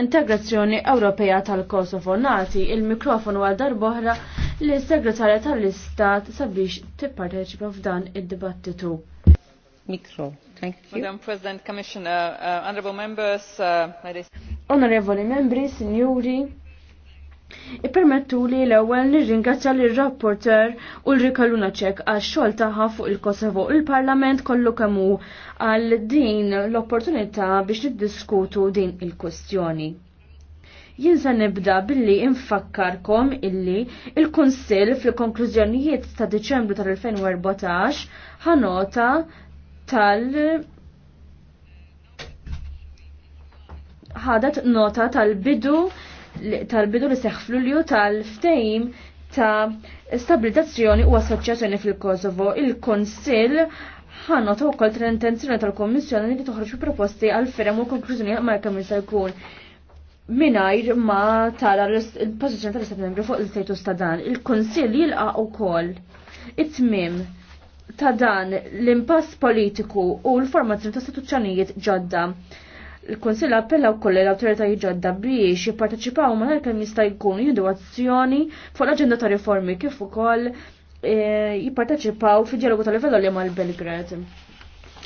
integrazzjoni Ewropea tal-Kosovo nati il-mikrofonu għal darboħra li segretarja tal-Istat sabiex tipparteċipa f'dan id-dibattitu. Mikro, thank you. Madam President, Commissioner, uh, Honorable Members, uh, Onorevoli Membri, Signori, Ippermettu li l-ewwel nirringrazzja lir rapporter u l-Rika Lunaċek għax xogħol tagħha fuq il-Kosovo. Il-Parlament kollu kemm hu għal din l-opportunità biex niddiskutu din il-kwestjoni. Jien se nibda billi infakkarkom illi il-Kunsill fil-konklużjonijiet ta' Diċembru tal-2014 ħanota tal- ħadet nota tal-bidu tal-bidu li seħħ f'Lulju tal-ftejim ta' stabilizzazzjoni u assoċjazzjoni fil-Kosovo. Il-Konsil ħanna ta' ukoll tal-intenzjoni tal komissjoni li toħroġ proposti għal ferem u konklużjoni ma' kemm jista' jkun minajr ma tara il-pozizjoni tal-Istat Membri fuq il-status ta' dan. Il-Konsil jilqa' ukoll it-tmim ta' dan l-impass politiku u l-formazzjoni ta' istituzzjonijiet ġodda il-Konsil appella wkoll l-awtoritajiet ġodda biex jipparteċipaw ma kemm jista' jkun jindu azzjoni fuq l-aġenda ta' riformi kif ukoll e, jipparteċipaw fi dialogu tal-livell li mal Belgrad.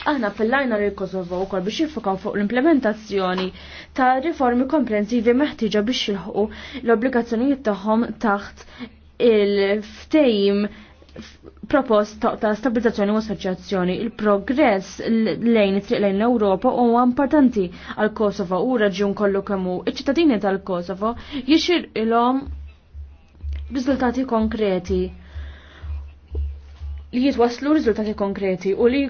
Aħna appellajna lil Kosovo wkoll biex jiffokaw fuq l-implementazzjoni ta' riformi komprensivi meħtieġa biex jilħqu l-obbligazzjonijiet tagħhom taħt il-ftejim propost ta' stabilizzazzjoni u assoċjazzjoni. Il-progress lejn it-triq lejn l-Ewropa huwa importanti għal Kosovo u raġun kollu kemm hu. Iċ-ċittadini tal-Kosovo jixir ilhom riżultati konkreti li jitwaslu riżultati konkreti u li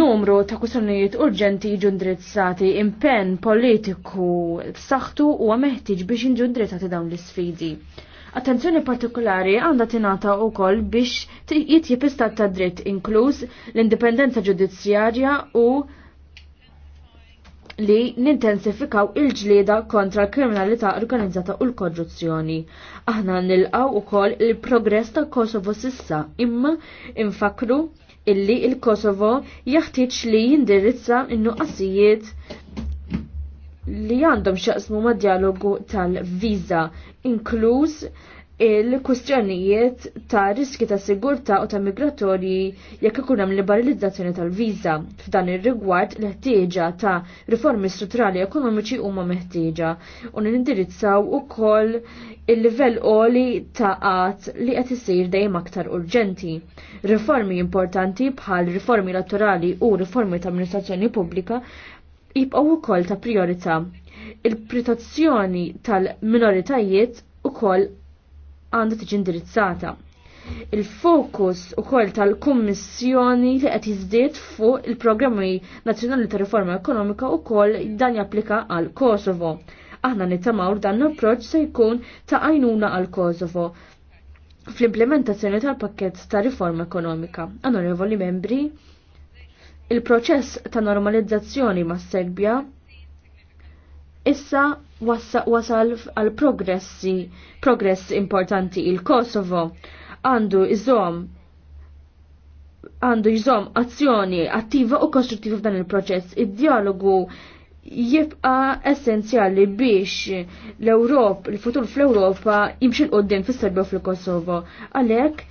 numru ta' kwistjonijiet urġenti jiġu ndrizzati, impenn politiku saħtu huwa meħtieġ biex jiġu dawn l-isfidi. Attenzjoni partikolari għandha tingħata wkoll biex jitjib jipista ta' dritt inkluż l-indipendenza ġudizzjarja u li nintensifikaw il-ġlieda kontra l-kriminalità organizzata u l-korruzzjoni. Aħna nilqaw ukoll il-progress ta' Kosovo sissa, imma infakru illi il-Kosovo jaħtieġ li jindirizza in-nuqqasijiet li għandhom xaqsmu ma' dialogu tal-viza, inkluż il-kustjonijiet ta' riski ta' sigurta u ta' migratorji jekk ikun hemm liberalizzazzjoni tal-viża. F'dan ir-rigward l-ħtieġa ta' riformi strutturali ekonomiċi huma meħtieġa u nindirizzaw ukoll il-livell qoli ta' qatt li qed isir dejjem aktar urġenti. Riformi importanti bħal riformi elettorali u riformi ta' amministrazzjoni pubblika jibqgħu ukoll ta' priorità. Il-protezzjoni tal-minoritajiet ukoll għandha tiġi indirizzata. Il-fokus ukoll tal-Kummissjoni li qed jiżdied fuq il-Programmi Nazzjonali ta' Riforma Ekonomika ukoll dan japplika għal Kosovo. Aħna nittamaw dan l-approċċ se jkun ta' għajnuna għal Kosovo fl-implementazzjoni tal-pakket ta' riforma ekonomika. Onorevoli membri, il-proċess ta' normalizzazzjoni ma' Serbja issa wasal għal progressi, progress importanti il-Kosovo għandu iżom għandu jżom azzjoni attiva u kostruttiva f'dan il-proċess. Id-dialogu jibqa essenzjali biex l europa il-futur fl-Europa jimxil qoddim fis-Serbja u fil-Kosovo. Għalhekk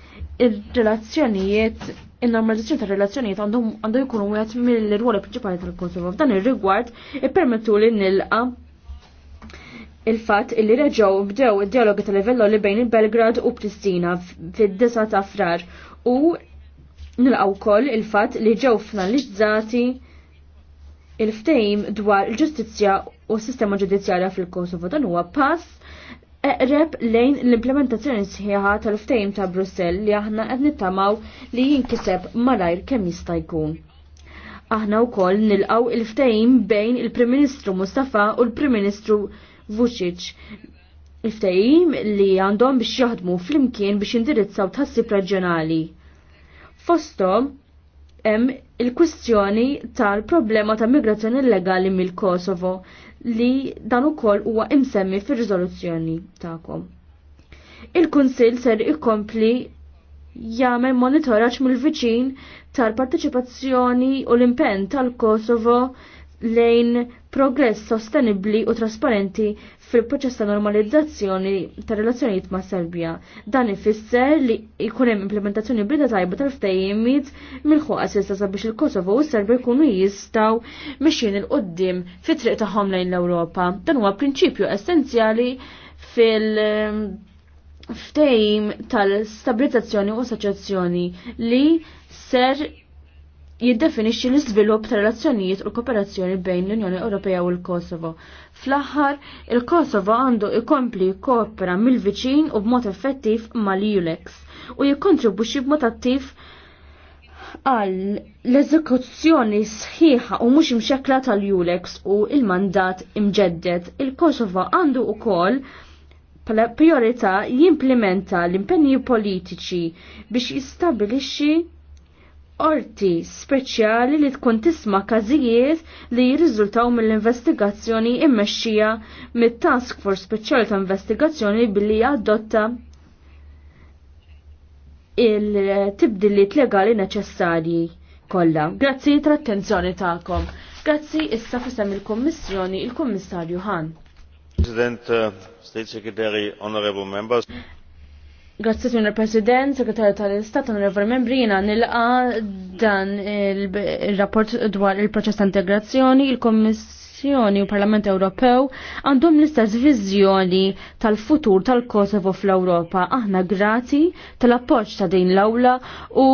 il-relazzjonijiet il-normalizzazzjoni ta' relazzjonijiet għandu jkunu wieħed mill-rwoli principali tal-Kosovo. F'dan ir-rigward permettu li nilqa' il-fat illi reġgħu bdew id-dialogi tal-livello li bejn il-Belgrad u Pristina fid dessa ta' frar u nilqaw koll il-fat li ġew finalizzati il-ftejm dwar il-ġustizzja u s-sistema ġudizzjarja fil-Kosovo dan huwa pass eqreb lejn l-implementazzjoni sħiħa tal-ftejm ta' Brussell li aħna qed nittamaw li jinkiseb malajr kemm jista' jkun. Aħna wkoll nilqaw il-ftejm bejn il-Prim Ministru Mustafa u l-Prim Ministru Vucic iftajim ftehim li għandhom biex jaħdmu fl-imkien biex indirizzaw tħassib raġjonali. Fostom, hemm il-kwistjoni tal-problema ta' migrazzjoni illegali mill-Kosovo li dan ukoll huwa imsemmi fir-riżoluzzjoni tagħkom. Il-Kunsill ser ikompli jagħmel monitoraġġ mill-viċin tal-partiċipazzjoni u l-impenn tal-Kosovo lejn progress sostenibli u trasparenti fil-proċess ta' normalizzazzjoni ta' relazzjonijiet ma' Serbja. Dan ifisser li jkun hemm implementazzjoni bida tajba tal-ftejjimiet mill-ħuqa sissa sabiex il-Kosovo u s-Serbja jkunu jistgħu mixjin il-qoddim fit-triq tagħhom lejn l-Ewropa. Dan huwa prinċipju essenzjali fil- um, ftejim tal-stabilizzazzjoni u assoċjazzjoni li ser jiddefinixxi l-iżvilupp ta' relazzjonijiet u kooperazzjoni bejn l-Unjoni Ewropea u l-Kosovo. Fl-aħħar, il-Kosovo għandu ikompli koopera mill-viċin u b'mod effettiv mal-ULEX u jikkontribwixxi b'mod attiv għal l-eżekuzzjoni sħiħa u mhux imxekkla tal-ULEX u il-mandat imġeddet. Il-Kosovo għandu ukoll priorità jimplementa l-impenji politiċi biex jistabilixxi orti speċjali li tkun tisma' każijiet li jirriżultaw mill-investigazzjoni immexxija mit-Task Force Speċjali ta' Investigazzjoni billi adotta il-tibdilliet legali neċessarji kollha. Grazzi tal-attenzjoni tagħkom. Grazzi issa fisem il kummissjoni il-Kummissarju Han. President, uh, State Secretary, Honorable Members. Grazzi signor President, Segretarju tal-Istat, Onorevoli Membri, jiena nilqa dan il-rapport dwar il-proċess ta' integrazzjoni, il-Kommissjoni u Parlament Ewropew għandhom l-istess viżjoni tal-futur tal-Kosovo fl-Ewropa. Aħna grati tal-appoġġ ta' din l-awla u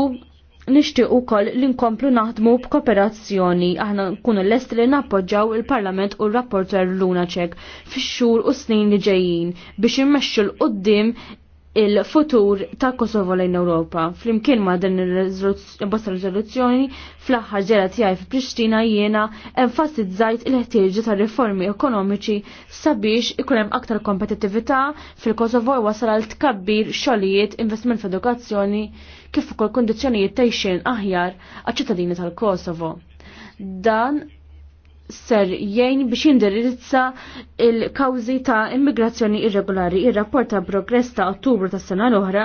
nixtieq ukoll li nkomplu naħdmu b'kooperazzjoni aħna nkunu lest li nappoġġaw il-Parlament u r-rapporter Lunaċek fix-xhur u snin li ġejjin biex immexxu l-qudiem il-futur ta' Kosovo lejn Ewropa. Flimkien ma' din il-bosta riżoluzzjoni fl-aħħar ġera tiegħi f'Prixtina jiena enfasizzajt il-ħtieġi ta' riformi ekonomiċi sabiex ikun hemm aktar kompetittività fil-Kosovo wasal għal tkabbir xogħlijiet investiment f'edukazzjoni kif ukoll kundizzjonijiet tgħixin aħjar għal ċittadini tal-Kosovo. Dan ser jgħin biex jindirizza il-kawzi ta' immigrazzjoni irregolari. Ir-rapport ta' progress ta' ottubru ta' sena l-oħra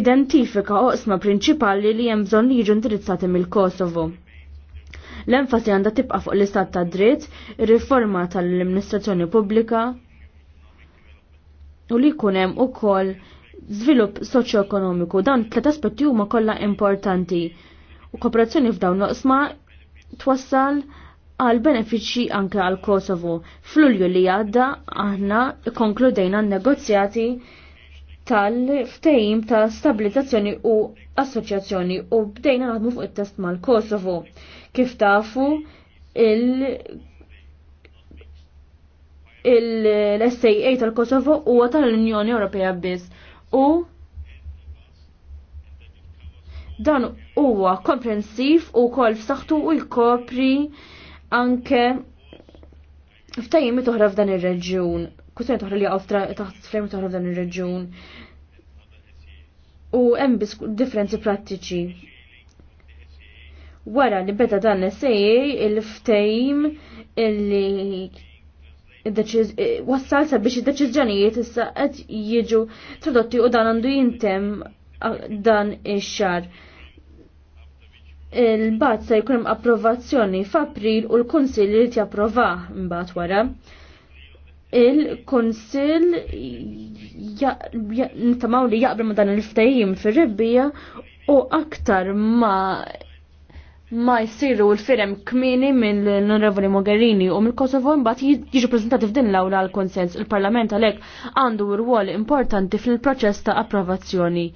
identifika oqsma prinċipali li hemm bżonn li jiġu indirizzati mill-Kosovo. L-enfasi għandha tibqa' fuq l-istat ta' dritt, riforma tal-amministrazzjoni pubblika u li jkun hemm ukoll żvilupp soċjoekonomiku. Dawn tliet aspetti huma kollha importanti u kooperazzjoni f'dawn l-oqsma twassal għal benefiċċji anke għal Kosovo. F'Lulju li għadda aħna konkludejna n negozjati tal-ftehim ta' stabilizzazzjoni u assoċjazzjoni u bdejna għadmu fuq it-test mal-Kosovo. Kif tafu il- l-SAA tal-Kosovo huwa tal-Unjoni Ewropea biss u dan huwa komprensiv u kol f'saħħtu u jkopri anke ftajjim toħra f'dan ir-reġjun, kustjoni toħra li għaw taħt flejm toħra f'dan ir-reġjun. U hemm differenzi prattiċi. Wara li beda dan is essej il-ftejm illi wassal sabiex id-deċiżjonijiet issa qed jiġu tradotti u dan għandu jintem dan ix-xar il-bat se jkun approvazzjoni f'April u l-Kunsill li japprovah mbagħad wara. Il-Kunsill nitamaw li jaqbel ma dan il-ftehim fir-rebbija u aktar ma ma jsiru l-firem kmini minn l-Onorevoli Mogherini u mill kosovo mbagħad jiġu preżentati f'din l-awla għal konsens il-Parlament għalhekk għandu rwol importanti fil-proċess ta' approvazzjoni.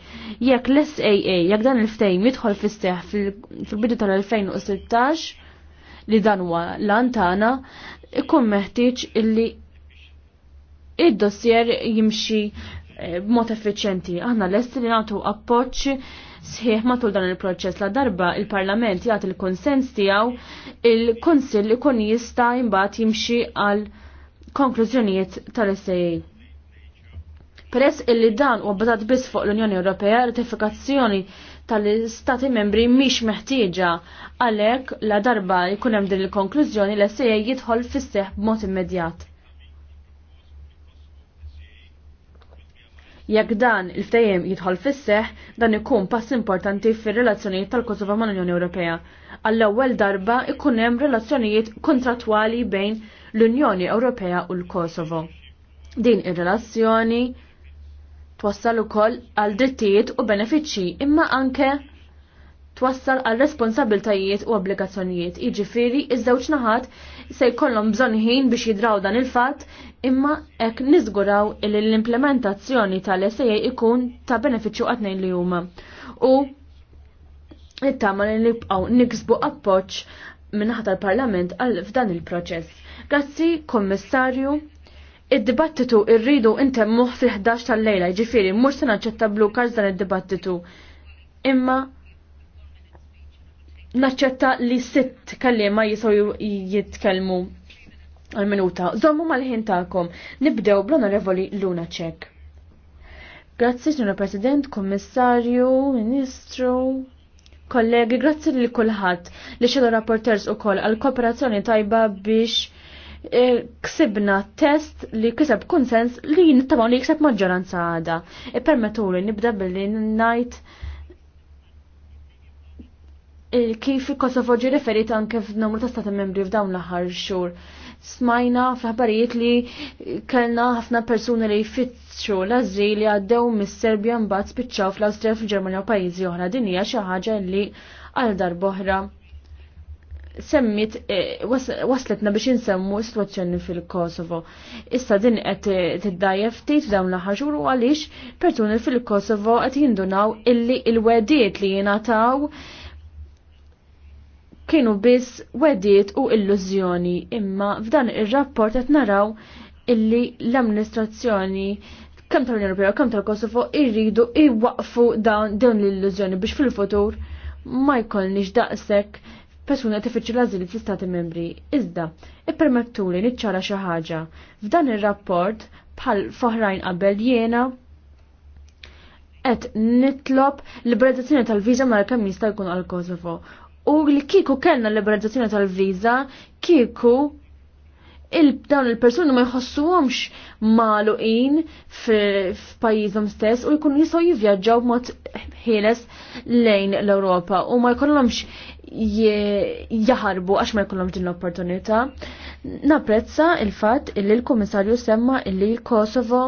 Jekk l-SAA jekk dan il-ftejn jidħol fis-seħ fil-bidu tal-2016 li dan huwa l-antana, ikun meħtieġ illi id-dossier jimxi eh, b'mod effiċjenti. Aħna lesti li nagħtu appoġġ sħiħ matul dan il-proċess la darba il-Parlament jagħti il-konsens tiegħu il-Kunsill ikun jista' imbagħad jimxi għal konklużjonijiet tal sea Peress illi dan u għabbatat biss fuq l-Unjoni Ewropea ratifikazzjoni tal-Stati membri miex meħtieġa għalhekk la darba jkun hemm din il-konklużjoni l sea jidħol fis-seħ b'mod immedjat. Jekk dan il ftajem jidħol fis dan ikun pass importanti fir-relazzjonijiet tal-Kosovo mal-Unjoni Ewropea. Għall-ewwel darba ikun hemm relazzjonijiet kontratwali bejn l-Unjoni Ewropea u l-Kosovo. Din ir-relazzjoni twassal ukoll għal drittijiet u benefiċċji imma anke twassal għal responsabiltajiet u obbligazzjonijiet. Iġifiri, iż-żewġ naħat se jkollhom bżonn ħin biex jidraw dan il-fatt imma hekk niżguraw li l-implementazzjoni tal-SEA ikun ta' benefiċċju għatnejn li huma. U it-tama li nibqgħu niksbu appoġġ min-naħa tal-Parlament għal f'dan il-proċess. Grazzi, Kommissarju, id-dibattitu irridu intemmuħ fil-11 tal-lejla, ġifiri, mux se naċċetta blu dan id-dibattitu. Imma naċċetta li sitt kallima jisaw jitkellmu għal-minuta. Zommu mal-ħin ta'kom. Nibdew bl-onorevoli Luna Ċek. Grazzi, ġnuna President, Kommissarju, Ministru, kollegi, grazzi li kullħat li xedu rapporters u koll għal-kooperazzjoni tajba biex eh, ksibna test li kiseb konsens li nittamaw li jikseb maġġoranza għada. E permetu li nibda billi najt kif il-Kosovo ġi referit anke f'numru ta' stati membri f'dawn l-aħħar xhur. Smajna fl li kellna ħafna persuni li jfittxu l-azil li għaddew mis-Serbja mbagħad spiċċaw fl-Awstrija fil-Ġermanja u pajjiżi oħra. Din hija xi ħaġa li għal darb'oħra semmit e, waslitna biex insemmu situazzjoni fil-Kosovo. Issa din qed tiddajjef ftit dawn l-aħħar xhur u għaliex persuni fil-Kosovo qed jindunaw illi il-wediet li jingħataw kienu biss wediet u illużjoni imma f'dan ir-rapport qed naraw illi l-amministrazzjoni kemm tal-Unjoni Ewropea kemm tal-Kosovo irridu iwaqfu dawn dawn l-illużjoni biex fil-futur ma jkollniex daqshekk persuna tifittxu l-azil fl-Istati Membri. Iżda, ippermettuli niċċara xi ħaġa. F'dan ir-rapport bħal foħrajn qabel jiena qed nitlob liberalizzazzjoni tal-viża mal kemm jista' jkun għal Kosovo u li kiku kellna liberalizzazzjoni tal-viza, kiku il dawn il-persuni ma jħossuhomx maluqin f'pajjiżhom stess u jkunu jistgħu jivvjaġġaw b'mod ħieles lejn l-Ewropa u ma jkollhomx jaħarbu għax ma jkollhomx din l-opportunità. Napprezza il-fatt li l-Kummissarju semma l Kosovo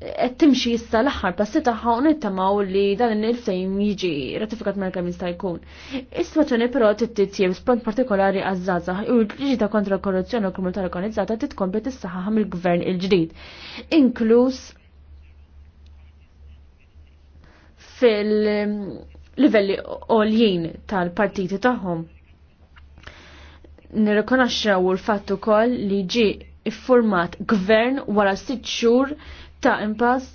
qed timxi issa l-aħħar passi tagħha u nittamaw li dan il-ftehim jiġi ratifikat mal-kemm jista' jkun. Is-sitwazzjoni però tittitjiem spont partikolari għaż-żgħażagħ u l ta' kontra l-korruzzjoni u l-kriminalità organizzata titkompli tissaħħaħ mill-gvern il-ġdid, inkluż fil-livelli għoljien tal-partiti tagħhom. Nirrikonaxxew l-fatt ukoll li ġi iffurmat gvern wara sitt xhur ta' impass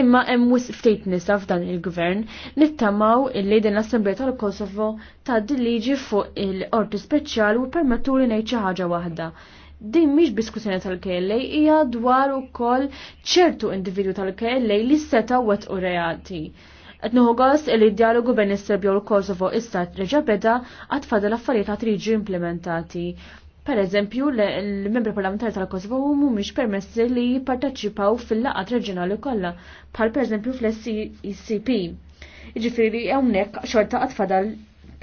imma hemm ftit nisa f'dan il-gvern nittamaw illi din l-Assembleja tal-Kosovo tgħaddi liġi fuq il-qorti speċjali u permettu li ngħid xi ħaġa waħda. Din mhix diskussjoni tal-KLA hija dwar ukoll ċertu individwi tal-KLA li seta' wettqu reati. Qed nieħu gost li d-dialogu bejn is-Serbja u l-Kosovo issa reġa' beda għad fadal affarijiet għad jiġu implementati. Per eżempju, l-membri parlamentari tal-Kosovo mhumiex permessi li jipparteċipaw fil-laqat reġjonali kollha, bħal eżempju fl-SCP. Jiġifieri hawnhekk xorta qatt fadal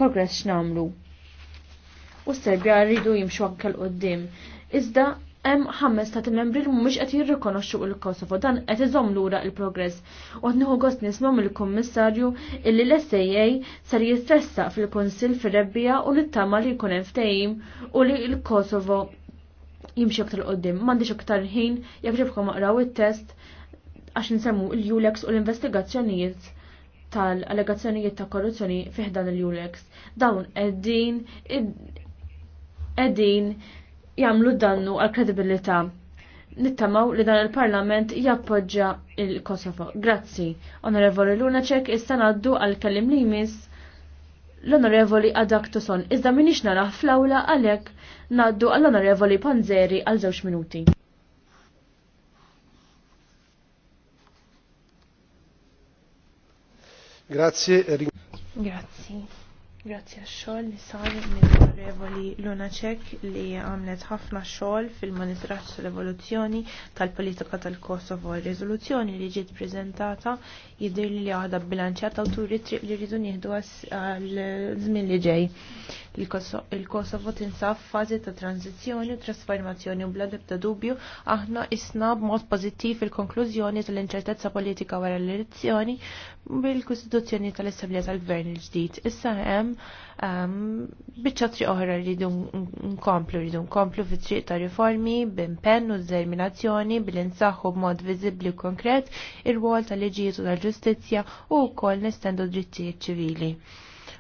progress x'namlu. U s-Serbja rridu jimxu anke l qoddim Iżda hemm ħames ta' membri li mhumiex qed jirrikonoxxu l kosovo dan qed iżomm lura l-progress. U qed nieħu gost nisma' mill-Kummissarju illi l-SAA ser jistressaq fil-Kunsill fir-rebbija u nittama li jkun hemm ftehim u li l-Kosovo jimxi aktar qoddim. M'għandix aktar ħin jekk ġibkom aqraw it-test għax nsemmu l-Ulex u l-investigazzjonijiet tal-allegazzjonijiet ta' korruzzjoni fiħdan l-Ulex. Dawn qegħdin qegħdin Jamlu dannu għal kredibilità. Nittamaw li dan il-Parlament jappoġġa il-Kosovo. Grazzi. Onorevoli Lunaċek issa ngħaddu għal kellim li jmiss l-Onorevoli Adaktuson. Iżda minix naraħ fl-awla għalhekk ngħaddu għall-Onorevoli Panzeri għal żewġ minuti. Grazie. Grazie. Grazzi għax-xogħol li sar mill-Onorevoli Luna Lunacek li għamlet ħafna xogħol fil-monitoraġġ tal-evoluzzjoni tal-politika tal-Kosovo. Ir-riżoluzzjoni li ġiet preżentata jidher li għadha bilanċjata u turi triq li rridu nieħdu għal żmien li ġej. Il-Kosovo tinsab fazi ta' tranzizjoni u trasformazzjoni u bladib ta' dubju aħna isna b'mod pożittiv il-konklużjoni tal-inċertezza politika wara l-elezzjoni bil-Kostituzzjoni tal-Assemblea tal-Gvern il-ġdid. Issa hemm ehm, biċċa tri oħra rridu nkomplu, rridu nkomplu fit-triq ta' riformi b'impenn u determinazzjoni bil-insaħħu b'mod viżibbli u konkret ir-rwol tal-liġijiet u tal-ġustizzja u wkoll nestendu drittijiet ċivili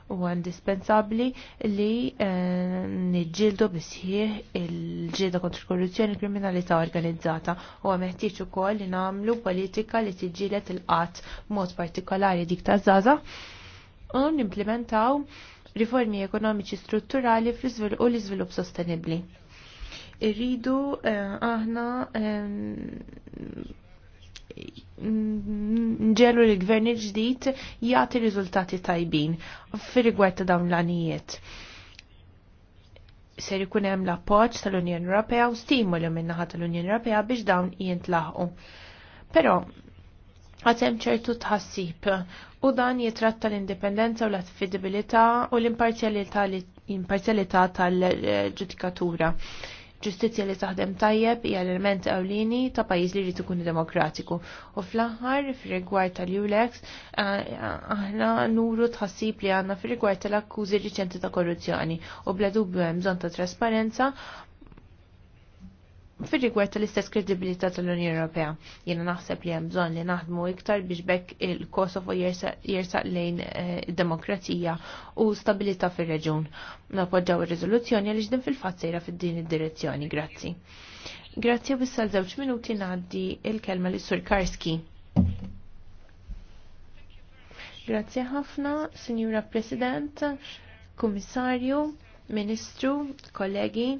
huwa indispensabbli li eh, niġġieldu bisħieħ il-ġieda kontra korruzzjoni e kriminalità organizzata u u ukoll li nagħmlu politika li tiġġieled il qat b'mod partikolari dik ta' zaza u nimplementaw riformi ekonomiċi strutturali u l-iżvilupp sostenibbli. Irridu eh, aħna nġelu li gvern ġdid jagħti riżultati tajbin fir-rigward ta' dawn l-anijiet. Ser ikun hemm l-appoġġ tal-Unjoni Ewropea u stimoli min-naħa tal-Unjoni Ewropea biex dawn jintlaħqu. Però għad hemm ċertu tħassib u dan jitratta l-indipendenza u l-affidibilità u l-imparzjalità tal-ġudikatura. tal ġudikatura ġustizzja li taħdem tajjeb hija l-element ewlieni ta' pajjiż li jrid ikun demokratiku. U fl-aħħar fir-rigward tal-Ulex aħna nuru tħassib li għandna fir-rigward tal-akkużi riċenti ta' korruzzjoni u bla dubju hemm bżonn ta' trasparenza fir rigward tal-istess kredibilità tal-Unjoni Ewropea. Jiena naħseb li hemm bżonn li naħdmu iktar biex bekk il-Kosovo jersaq lejn eh, id-demokrazija u stabilità fir-reġun. Nappoġġaw ir-riżoluzzjoni għaliex din fil-fatt sejra fid-din id-direzzjoni. Grazzi. Grazzi u bissal żewġ minuti ngħaddi il-kelma li sur Karski. Grazzi ħafna, Sinjura President, Kummissarju, Ministru, kollegi,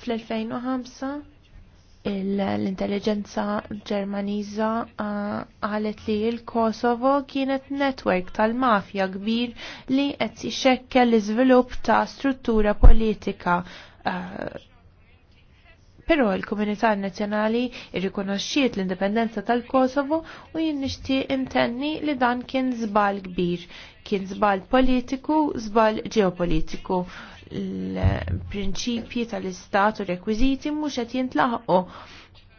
Fl-2005 l-intelligenza ġermaniza għalet li l-Kosovo kienet netwerk tal-mafja kbir li qed ixekkel l-iżvilupp ta' struttura politika uh, Però il-Komunità Nazzjonali irrikonoxxiet l-indipendenza tal-Kosovo u jien nixtieq intenni li dan kien żball kbir, kien żball politiku, żball ġeopolitiku. L-prinċipji tal-istat u rekwiżiti mhux qed jintlaħqu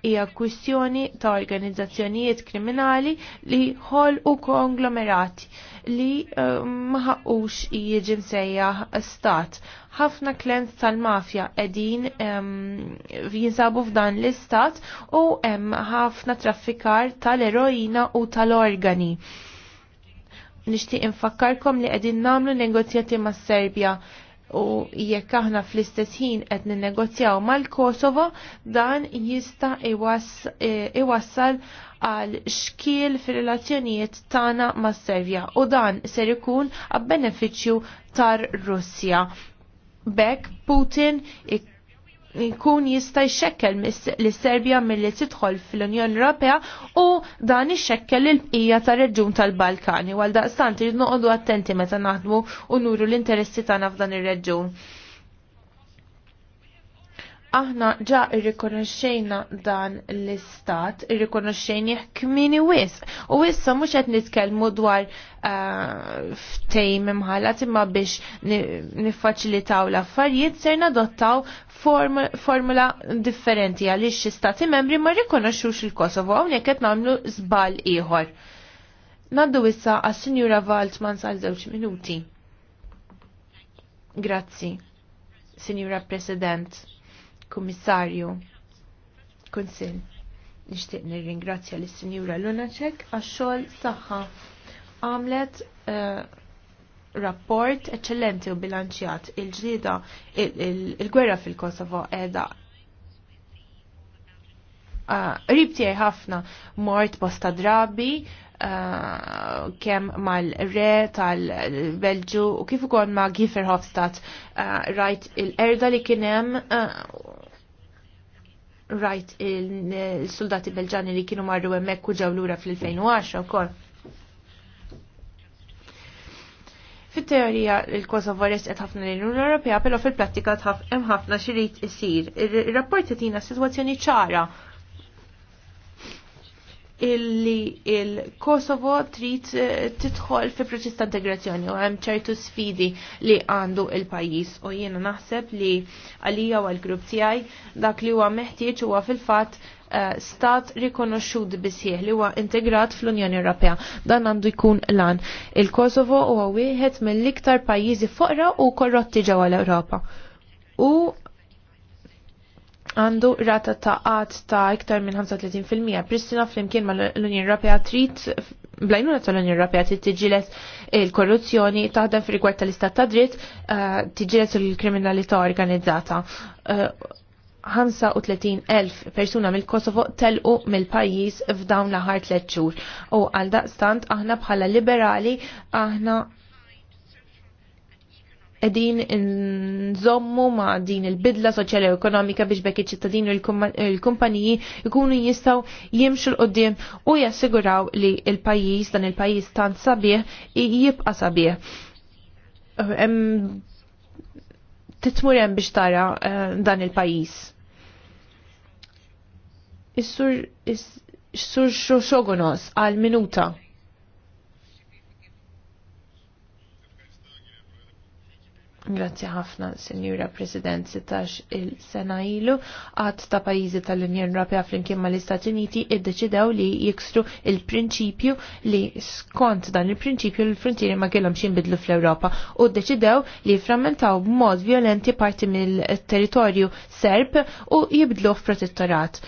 hija kwistjoni ta' organizzazzjonijiet kriminali li ħol u konglomerati li uh, eh, maħaqux jieġi msejja stat. Ħafna klens tal-mafja edin um, jinsabu f'dan l-istat u hemm ħafna traffikar tal-eroina u tal-organi. Nixtieq infakkarkom li qegħdin nagħmlu negozjati mas-Serbja u jekk aħna fl-istess ħin qed ninnegozjaw mal-Kosovo dan jista' eh, iwassal għal xkiel fir-relazzjonijiet tagħna mas-Servja u dan ser ikun għab-benefiċċju tar-Russja. Bekk Putin ik jkun jista' jxekkel l-Serbja milli tidħol fl-Unjoni Ewropea u dan ixekkel il-bqija tar-reġjun tal-Balkani. Għal daqstant irid noqogħdu attenti meta naħdmu u nuru l-interessi tagħna f'dan ir-reġjun aħna ġa irrikonoxxejna dan l-istat, irrikonoxxejni kmini wisq. U issa mhux qed nitkellmu dwar eh, ftejm imħalla imma biex niffaċilitaw l-affarijiet ser nadottaw formula differenti għaliex xi stati membri ma rrikonoxxux il-Kosovo hawnhekk qed nagħmlu żball ieħor. Naddu issa għas-Sinjura Valtman sal żewġ minuti. Grazzi, Sinjura President. Kummissarju, Kunsil, nixtieq nirringrazzja lis sinjura Lunacek għax-xogħol tagħha. Għamlet eh, rapport eċċellenti u bilanċjat il-ġlida il-gwerra fil-Kosovo edha eh, ribti uh, ħafna mort bosta drabi eh, kem mal-re tal-Belġu u kif ukoll ma' Gifer Hofstadt rajt il-erda li kienem rajt il-soldati belġani li kienu marru hemmhekk u ġew lura fil 2010 wkoll. Fit-teorija il-Kosovo resqet ħafna l-Unjoni Ewropea, però fil-prattika hemm ħafna xirid isir. ir rapporti tina sitwazzjoni ċara illi il-Kosovo trid eh, tidħol fi proċess ta' integrazzjoni u hemm ċertu sfidi li għandu il-pajjiż u jiena naħseb li għalija u għall-grupp tiegħi dak li huwa meħtieġ huwa fil-fatt eh, stat rikonoxxut bisieħ li huwa integrat fl-Unjoni Ewropea. Dan għandu jkun lan. Il-Kosovo huwa wieħed mill-iktar pajjiżi foqra u korrotti ġewwa l-Ewropa. U għandu rata ta' għat ta' iktar minn 35%. Pristina flimkien ma' l-Unjoni Ewropea trid blajnuna tal-Unjoni Ewropea trid tiġilet il-korruzzjoni taħdem fir-rigward tal-istat ta' dritt eh, tiġilet il-kriminalità organizzata. 35,000 eh, persuna mill-Kosovo telqu mill-pajjiż f'dawn l-aħħar tliet xhur. U għal daqstant aħna bħala liberali aħna edin nżommu ma' din il-bidla soċjali u ekonomika biex bekk iċ-ċittadini l-kumpaniji jkunu jistaw jimxu l-qoddim u jassiguraw li il-pajjiż dan il-pajjiż tant sabiħ jibqa' sabiħ. Titmur hemm biex tara eh, dan il-pajjiż. Is-sur is-sur xogonos għal minuta. Grazzi ħafna, Senjura President, sitax il-sena ilu, għad ta' pajizi tal-Unjoni Europea flimkien ma' l-Istati Uniti iddeċidew li jikstru il-prinċipju li skont dan il-prinċipju l-frontieri ma kellhom xinbidlu fl-Ewropa u ddeċidew li frammentaw b'mod violenti parti mill-territorju Serb u jibdlu f'protettorat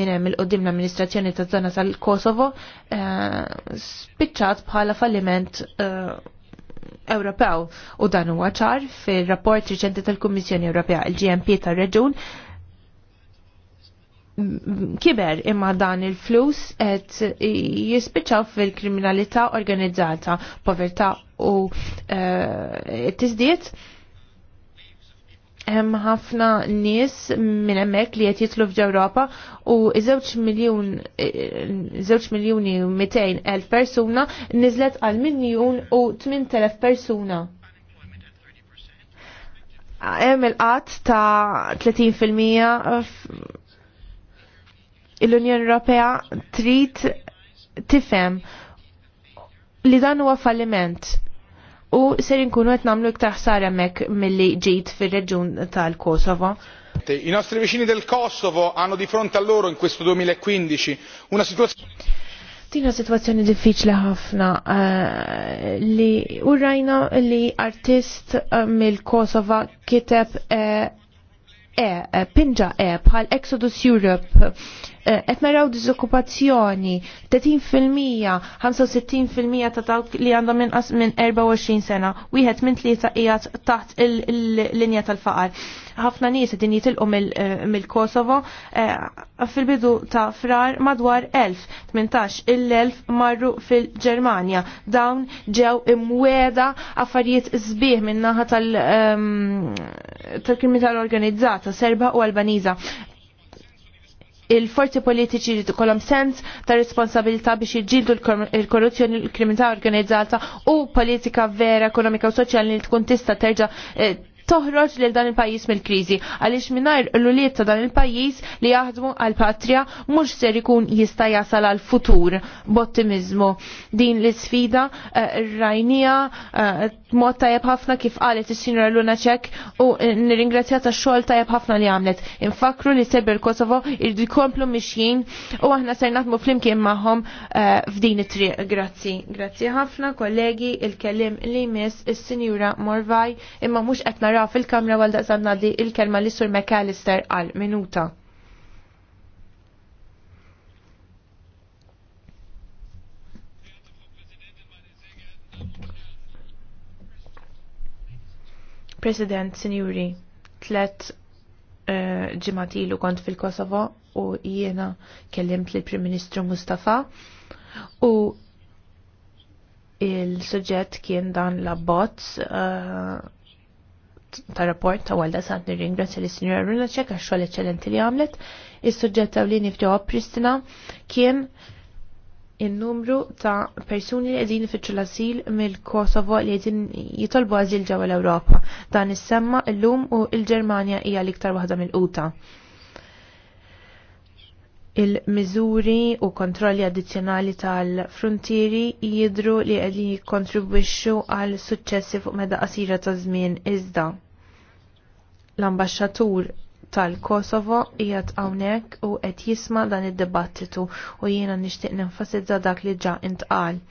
minn hemm il qoddim l-amministrazzjoni ta' zona tal-Kosovo eh, spiċċat bħala falliment eh, Ewropew u dan huwa ċar fir-rapport riċenti tal-Kummissjoni Ewropea il-GMP tar-Reġun kiber imma dan il-flus qed jispiċċaw fil-kriminalità organizzata, povertà u uh, eh, tisdiet hemm ħafna nies minn hemmhekk li qed jitlu f'ġewropa u żewġ miljun eh, żewġ miljuni u mitejn elf persuna niżlet għal miljun u tmien telef persuna. Hemm il-qatt ta' 30 fil-mija l-Unjoni Ewropea trid tifhem li dan huwa falliment u ser inkunu qed nagħmlu iktar ħsar hemmhekk milli ġejt fir-reġjun tal-Kosovo. I nostri vicini del Kosovo hanno di fronte a loro in questo 2015 una situazione Tina situazzjoni diffiċli ħafna eh, li urajna li artist eh, mill-Kosova kiteb uh, e, pinġa e bħal Exodus Europe qed naraw diżokkupazzjoni 30% 65% ta' dawk li għandhom inqas minn 24 sena, wieħed minn tlieta qiegħed taħt il-linja tal-faqar. Ħafna nies din jitilqu mill-Kosovo eh, fil-bidu ta' frar madwar 1000, 18 il-1000 marru fil-Ġermanja. Dawn ġew imweda affarijiet sbieħ minn naħa tal ehm, kriminal organizzata, serba u Albaniza il-forzi politiċi li kolom sens ta' responsabilità biex jġildu l-korruzzjoni l-kriminalità organizzata u politika vera, ekonomika u soċjali li tkun tista' terġa' eh, toħroġ lil dan il-pajjiż mill-kriżi għaliex mingħajr l-uliet ta' dan il-pajjiż li jaħdmu għal patria mhux ser ikun jista' jasal għal futur b'ottimizmu. Din l-isfida eh, rajnija eh, mod tajjeb ħafna kif qalet is-sinjora Luna Ċek u eh, nirringrazzja ta' xol tajjeb ħafna li għamlet. Infakru li sebber Kosovo irdu jkomplu mixjin u aħna ser naħdmu flimkien magħhom f'din it-triq. Grazzi. Grazzi ħafna kollegi il-kellim li mis is-sinjura Morvaj imma mhux qed oħra fil-kamra għal daqsan di il-kelma li sur McAllister għal minuta. President, Sinjuri, tlet eh, ġimatilu uh, kont fil-Kosovo u jiena kellimt li prim Ministru Mustafa u il sujġet kien dan la bots uh, eh, ta' rapport ta' għalda sant nirringrazzja li sinjora Runaċek għax xogħol eċċellenti li għamlet. Is-suġġett ta' lini Pristina kien in-numru ta' persuni li qegħdin ifittxu l-asil mill-Kosovo li qegħdin jitolbu għażil ġewwa l-Ewropa. Dan is-semma llum u l-Ġermanja hija l-iktar waħda mill-quta il-miżuri u kontrolli addizzjonali tal-frontieri jidru li qegħdin jikkontribwixxu għal suċċessi fuq meda qasira ta' żmien iżda. L-ambaxxatur tal-Kosovo qiegħed hawnhekk u qed jisma' dan id-dibattitu u jiena nixtieq nenfasizza dak li ġa intqal.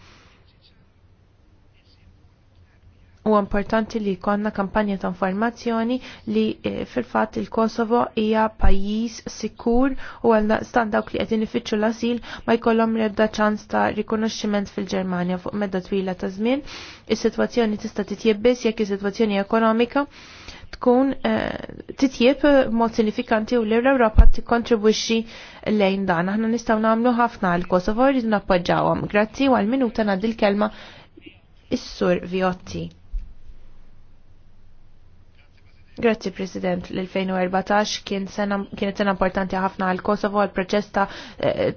U importanti li konna kampanja ta' informazzjoni li eh, fil-fat il-Kosovo hija pajjiż sikur u għal stand dawk li qegħdin ifittxu l-asil ma jkollhom rebda ċans ta' rikonoxximent fil-Ġermanja fuq medda twila ta' żmien. Is-sitwazzjoni tista' titjebbis biss jekk is-sitwazzjoni ekonomika tkun eh, titjieb mod sinifikanti u l-Europa tikkontribwixxi lejn dan. Aħna nistgħu nagħmlu ħafna għal Kosovo rridu nappoġġawhom. Grazzi u għal minuta ngħaddi l-kelma is-sur Viotti. Grazzi President, l-2014 kien sena, kienet sena importanti ħafna għal Kosovo għal proċesta ta' eh,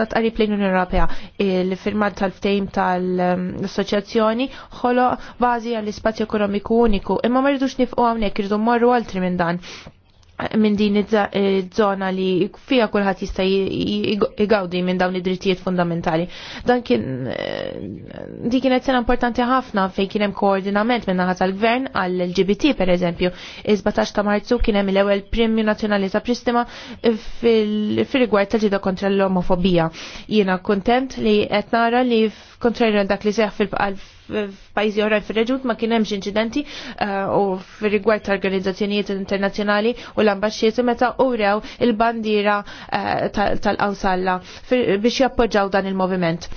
tqari tqarib l-Unjoni Ewropea. Il-firma tal-ftejm tal-assoċjazzjoni ħolo bażi għall-ispazju ekonomiku uniku, imma ma rridux nifqu hawnhekk irridu mmorru altri minn dan minn din iż-żona eh, li fija kulħadd jista' jgawdi minn dawn id-drittijiet fundamentali. Dan kien eh, di kienet sena importanti ħafna fejn kien hemm koordinament minn naħa tal-gvern għall lgbt pereżempju. iż 17 ta' Marzu kien hemm l-ewwel Premju Nazzjonali ta' Pristima fil-rigward tal-ġida kontra l-omofobija. Jiena kuntent li qed nara li kontrarju dak li seħ fil-qalb f'pajjiżi oħra fir-reġun ma kien hemmx inċidenti eh, u fir-rigward ta' organizzazzjonijiet internazzjonali u l-ambaxxieti meta urew il bandira eh, tal awsalla biex jappoġġaw dan il-moviment.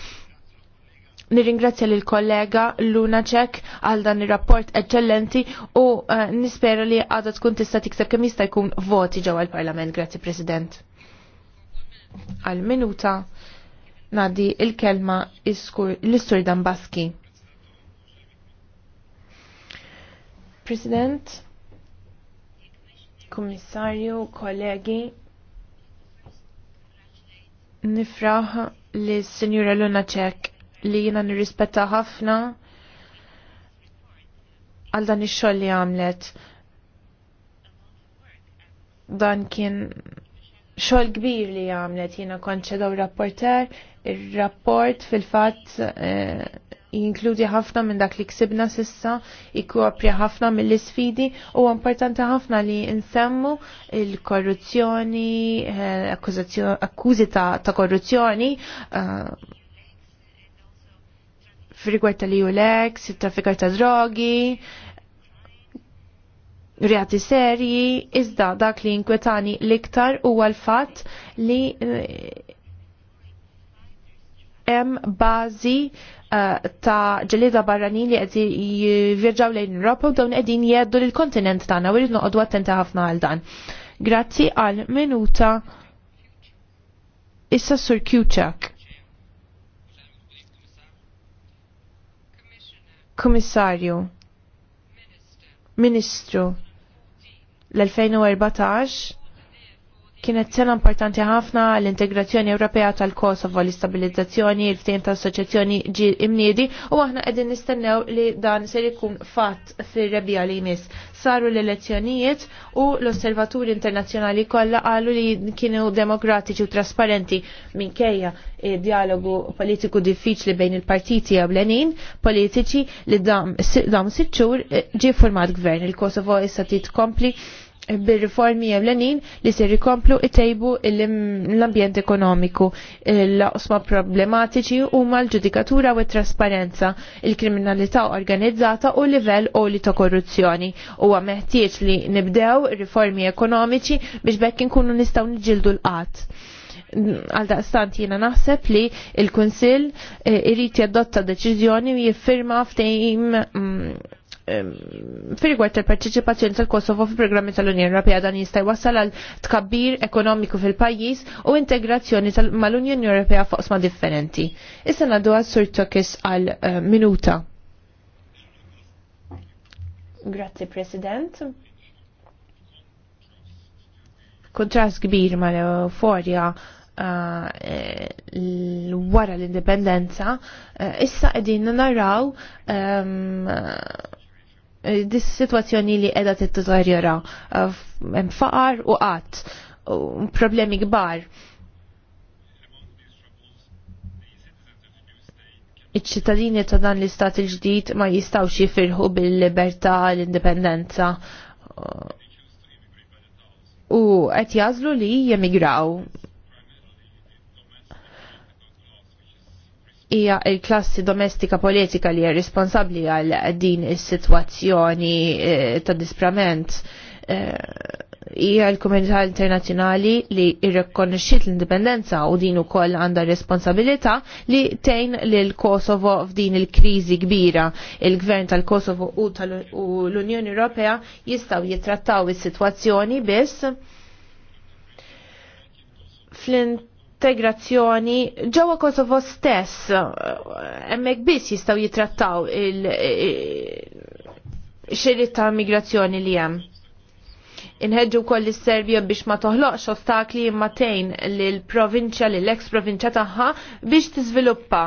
Nirringrazzja lil kollega Luna Cech għal dan ir-rapport eċċellenti u eh, nispera li għadha tkun tista' tikseb kemm jista' jkun voti ġewwa l-Parlament. Grazzi President. Għal minuta nadi il-kelma l-Istur Baski. President, Kommissarju, kollegi, nifraħ li sinjura Luna Ċek li jina nirrispetta ħafna għal dan ix-xogħol li għamlet. Dan kien xogħol kbir li għamlet jiena konċedaw rapporter, ir-rapport fil-fatt eh, jinkludi ħafna minn dak li ksibna sissa, ikkopri ħafna mill-isfidi u importanti ħafna li nsemmu il-korruzzjoni, eh, akkużi ta' korruzzjoni, eh, f'rigward tal-IULEX, il-traffikar ta' drogi, reati serji, iżda dak li inkwetani liktar u għal-fat li eh, hemm bażi Eh, ta' ġelida barranin li għedzi jirġaw lejn Europa u dawn għedin jeddu l-kontinent tagħna u rridnu għadu attenti ħafna għal dan. Grazzi għal minuta issa sur Kjuċak. Komissarju, Ministru, l-2014, Kienet sena importanti ħafna l-integrazzjoni Ewropea tal-Kosovo, l-istabilizzazzjoni, il-ftehim ta' assoċjazzjoni ġi imniedi u aħna qegħdin nistennew li dan se jkun fatt fir-rebija li jmiss. Saru l-elezzjonijiet u l-osservaturi internazzjonali kollha qalu li kienu demokratiċi u trasparenti minkejja eh, dialogu politiku diffiċli bejn il-partiti għablenin politiċi li dam sitt xhur eh, ġie format gvern. Il-Kosovo issa titkompli kompli bir-riformi jemlenin li se it-tejbu l-ambjent ekonomiku, l-osma problematiċi huma l-ġudikatura u trasparenza, il-kriminalità organizzata u livell u li ta' korruzzjoni. Huwa meħtieġ li nibdew riformi ekonomiċi biex bekk inkunu nistgħu niġildu l-qatt Għaldaqstant daqstant jina naħseb li il-Kunsil eh, irrit jadotta deċizjoni u jiffirma ftejim mm, Firigward tal-parċiċipazzjoni tal-Kosovo fil-programmi tal-Unjoni Ewropea dan jista' jwassal għal tkabbir ekonomiku fil-pajjiż u integrazzjoni mal-Unjoni Ewropea fuq sma differenti. Issa ngħaddu għal Sur Tokis għal eh, minuta. Grazzi President. Kontrast kbir mal-euforja eh, wara l-indipendenza, eh, issa qegħdin naraw dis situazzjoni li edha t eh, hemm faqar u qatt problemi kbar. Iċ-ċittadini ta' dan l-istat il-ġdid ma jistawx jifirħu bil-libertà l-indipendenza eh, u qed jażlu li jemigraw hija l-klassi domestika politika li hija responsabbli għal din is-sitwazzjoni eh, ta' disprament eh, hija l-komunità internazzjonali li irrekonxxiet l-indipendenza u din ukoll għandha responsabilità li tgħin lil Kosovo f'din il-kriżi kbira. Il-Gvern tal-Kosovo u l-Unjoni Ewropea jistgħu jittrattaw is-sitwazzjoni biss flint integrazzjoni ġewwa Kosovo stess hemmhekk biss jistgħu jitrattaw il xiri ta' migrazzjoni li hemm. Inħeġġu wkoll is-Serbja biex ma toħloqx ostakli immatejn lil provinċja lil ex provinċja tagħha biex tiżviluppa.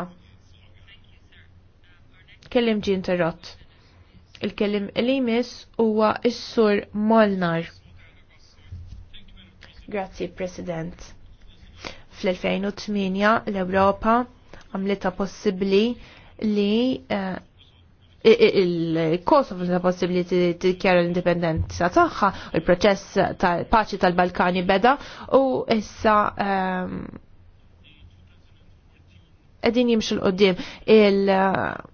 Kellim ġi interrott. Il-kellim li jmiss huwa is-sur Molnar. Grazzi, President. Fl-2008 l-Ewropa għamlita possibbli li eh, il-Kosovo ta' possibli t-dikjara l-indipendenza tagħha, il-proċess tal-paċi tal-Balkani beda u issa għedin ehm, jimxu l-qoddim il-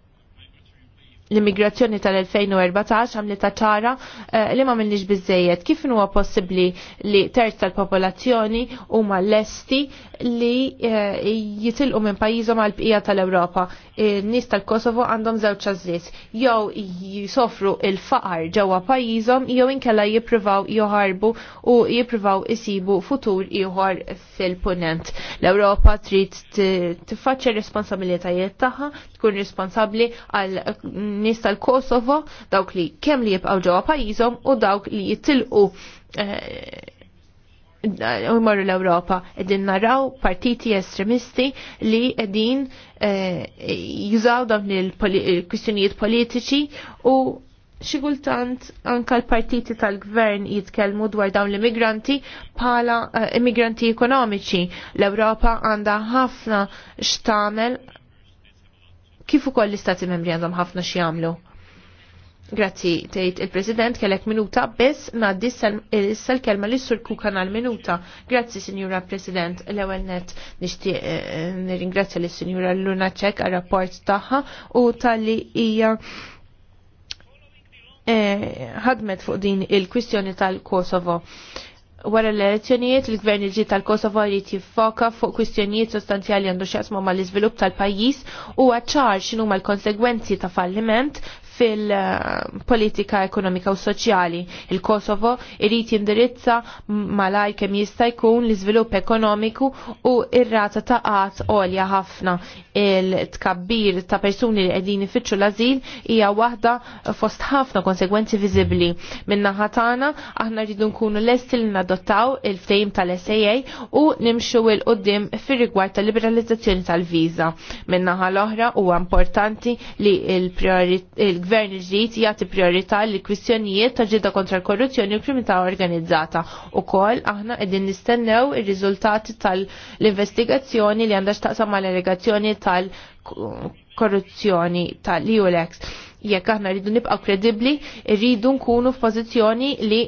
l-immigrazzjoni tal-2014 għamlet ċara eh, li ma minnix bizzejiet. Kif huwa possibbli li terz tal-popolazzjoni huma lesti li eh, jitilqu minn pajjiżhom għal bqija tal-Ewropa. Nies tal-Kosovo għandhom żewġ għażliet. Jew jisofru il-faqar ġewwa pajjiżhom jew inkella jippruvaw joħarbu u jippruvaw isibu futur ieħor fil-punent. L-Ewropa trid tiffaċċja responsabilitajiet tagħha, tkun responsabbli għal mm, nies tal-Kosovo, dawk li kemm li jibqgħu ġewwa pajjiżhom u dawk li jittilqu eh, u jmorru l-Ewropa qegħdin naraw partiti estremisti li qegħdin eh, jużaw dawn il-kwistjonijiet politiċi u xi kultant anka l-partiti tal-gvern jitkellmu dwar dawn l-immigranti bħala eh, immigranti ekonomiċi. L-Ewropa għandha ħafna x'tagħmel kif ukoll l-istati membri għandhom ħafna x'jagħmlu. Grazzi, tgħid il-President kellek minuta biss ngħaddi issa l-kelma lis sur Kukan għal minuta. Grazzi, Sinjura President, l-ewwel net nixtieq eh, nirringrazzja lis sinjura Luna Ċek għar-rapport tagħha u tal-li hija eh, ħadmet fuq din il-kwistjoni tal-Kosovo. Wara l-elezzjonijiet, il-gvern il-ġit tal-Kosovo jrid jiffoka fuq kwistjonijiet sostanzjali għandu xjaqsmu mal iżvilupp tal-pajjiż u għaċċar x'inhuma l konsegwenzi ta' falliment fil-politika ekonomika u soċjali. Il-Kosovo irrit jindirizza malaj kem jista' jkun l-iżvilupp ekonomiku u ir-rata ta' qatt għolja ħafna. Il-tkabbir ta' persuni li qegħdin ifittxu l-azil hija waħda fost ħafna konsegwenzi viżibbli. Min-naħa tagħna aħna rridu nkunu lesti li nadottaw il-ftehim tal-SAA u nimxu il qudiem fir-rigward tal-liberalizzazzjoni tal-viża. Min-naħa l-oħra huwa importanti li il-priorit il il-gvern ġdid jagħti priorità li kwistjonijiet ta' ġidda kontra l-korruzzjoni u kriminalità organizzata. kol, aħna qegħdin nistennew ir-riżultati tal-investigazzjoni li għandha x'taqsam mal-allegazzjoni tal-korruzzjoni tal iulex Jekk aħna rridu nibqgħu kredibbli, rridu nkunu f'pożizzjoni li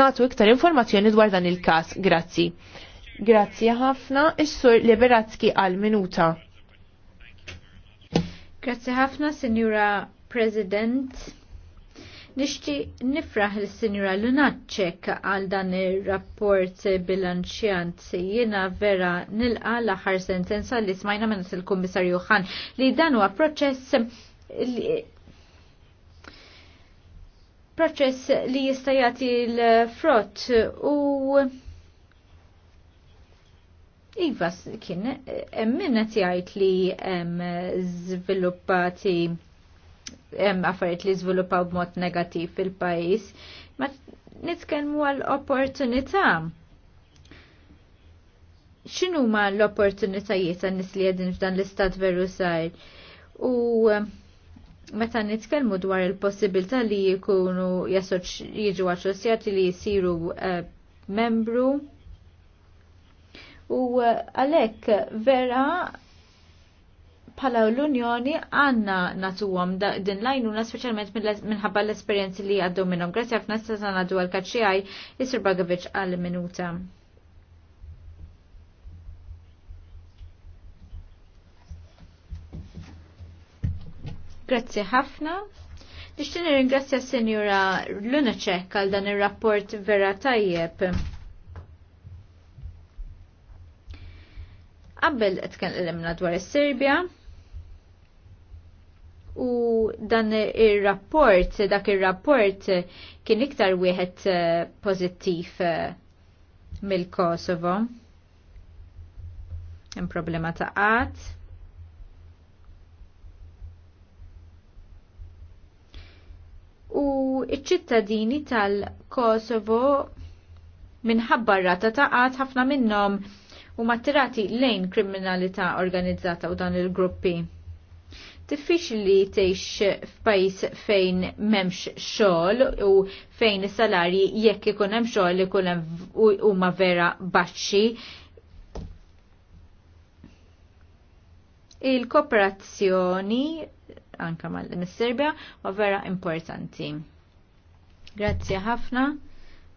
natu iktar informazzjoni dwar dan il-każ. Grazzi. Grazzi ħafna, is-sur Liberatski għal minuta. Grazzi ħafna, Sinjura President. Nixti nifraħ il sinjura Lunacek għal dan ir-rapport bilanċjant jiena vera nilqa l-aħħar sentenza li smajna minn il-Kummissarju Ħan li dan huwa proċess li proċess li jista' jagħti l-frott u Iva, kien, eh, minna tijajt li zviluppati, affarijiet li zviluppaw b'mod negativ fil-pajis, ma nitkellmu għal-opportunità xinu ma l-opportunitajiet għan nis li għedin f'dan l-istat veru sajr? U meta nitkellmu dwar il-possibilità li jkunu jiġu assoċjati li jisiru uh, eh, membru u eh, għalek vera pala l-Unjoni għanna natuwom din lajnuna specialment minħabba l-esperienzi li għaddu minnom. Grazie għafna s-sazan għaddu għal għaj, Isir Bagavic għal-minuta. Grazie ħafna. Nishtini ringrazzja Senjura Lunacek għal dan il-rapport vera tajjeb. Qabel tkellimna dwar is-Serbja u dan ir-rapport, dak ir-rapport kien iktar wieħed eh, pożittiv eh, mill-Kosovo. Hemm problema ta' qatt. U iċ-ċittadini tal-Kosovo minħabba rata ta' qatt ħafna minnhom u tirati lejn kriminalità organizzata u dan il-gruppi. li tgħix f'pajis fejn m'hemmx xogħol u fejn is-salarji jekk ikun hemm xogħol li hemm huma vera baxxi il-kooperazzjoni anka mal serbja ma vera importanti. Grazzi ħafna,